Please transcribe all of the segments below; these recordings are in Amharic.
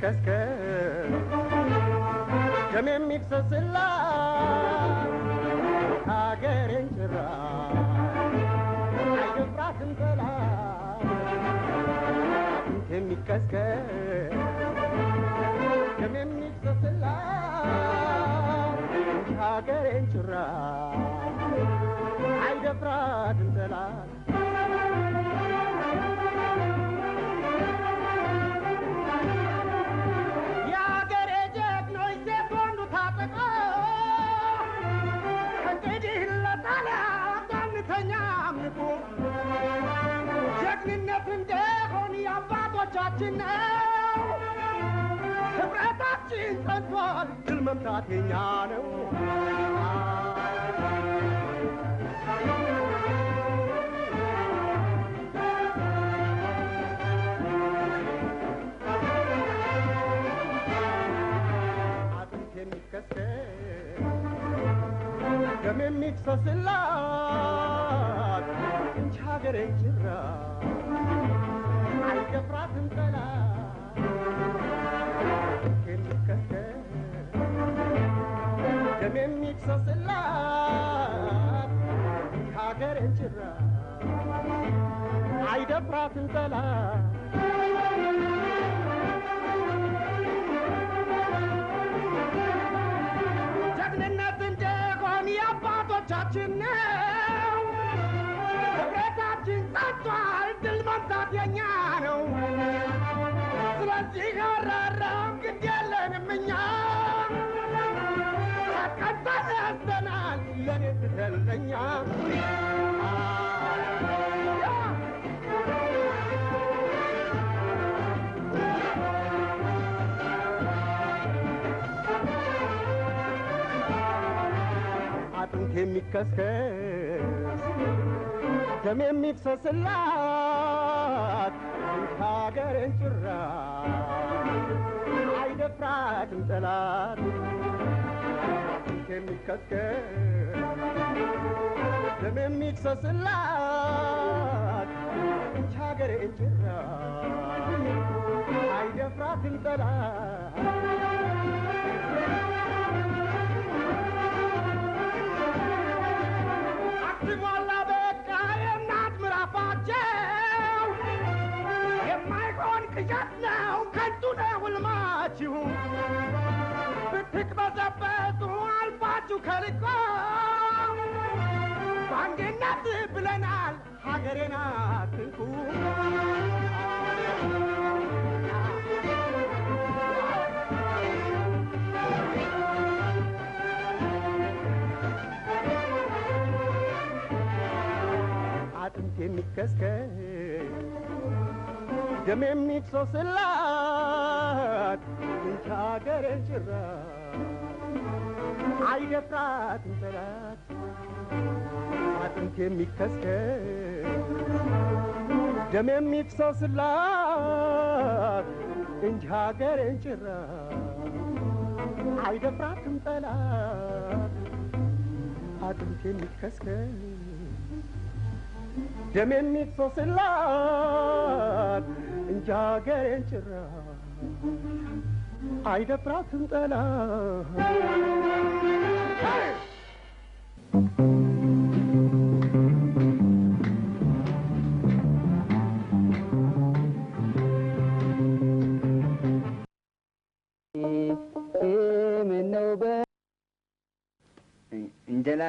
ከስከስ ደም የሚፈስላት ሀገሬን ጭራ አይፍራትም ጠላት አጥንት የሚከስከስ ደም የሚፈስላት ሀገሬን ጭራ አይደፍራትም ጠላት ልጆቻችን ነው። ህብረታችን ጸንቷል፣ ድል መምታት የኛ ነው። ደም የሚፈስላት እንጂ ሀገሬ ጅራ አልገፍራትም ጠላ የሚከተል ደም የሚፍሰስላት ሀገር ጭራ አይደፍራትም ጠላ ጀግንነት እንደሆን የአባቶቻችን ለዚህ ካራራም ግድ የለንም እኛ ለኔ አጥንት የሚከስከስ ደም ሀገርን ጭራ አይደፍራትም ጠላት የሚከስከስ ደም የሚክሰስላት ሀገርን ጭራ አይደፍራትም ጠላት we got now can't do that ብትክ በዘበት አልፋችሁ ከልቆ ባንዴናት ብለናል ሀገሬናት ትንኩ አጥንት የሚከስከስ ደም የሚፍሰስላት ምንቻ ሀገርን ጭራ አይደፍራት እንጠላት አጥንት የሚከስከስ ደም የሚፍሰስላት እንጂ ሀገርን ጭራ አይደፍራትም ጠላት አጥንት የሚከስከስ ደሜን ሶስላት እንጂ ሀገሬን ጭራ አይደብራትም ጠላ ምነው እንጀላ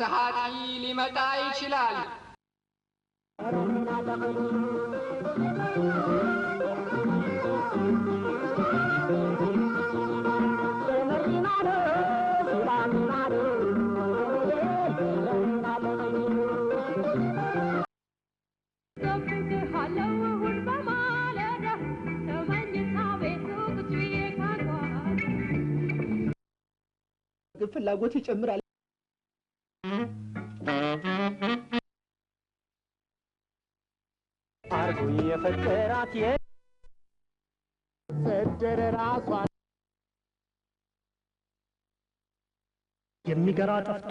መንፈስ ሊመጣ ይችላል። ፍላጎት ይጨምራል። አባቱ የፈጠራት የሰደረ ራሷን የሚገራ ጠፍቶ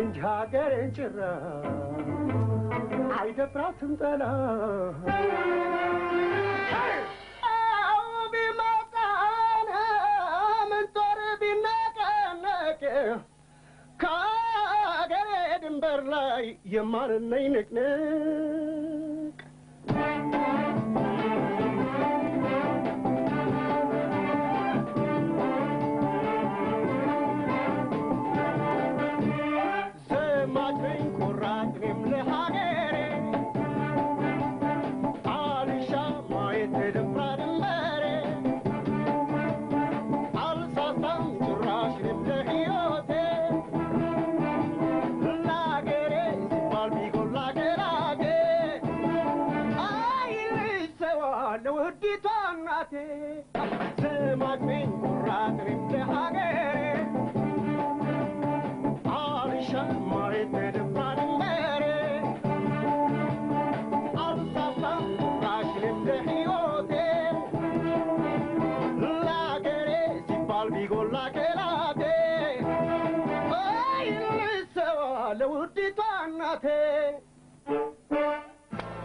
እንጃገሬን ጭራ አይደብራትም ጠላ ቢመጣን ምን ጦር ቢነቀነቅ ከአገሬ ድንበር ላይ የማንነኝ ንቅንቅ ለውህዲቷ እናቴ ስማግኝ ሙራ ጥሪብ ሀገሬ አልሻ መሬት ሲባል ቢጎላ ቅላቴ ይልሰዋ እናቴ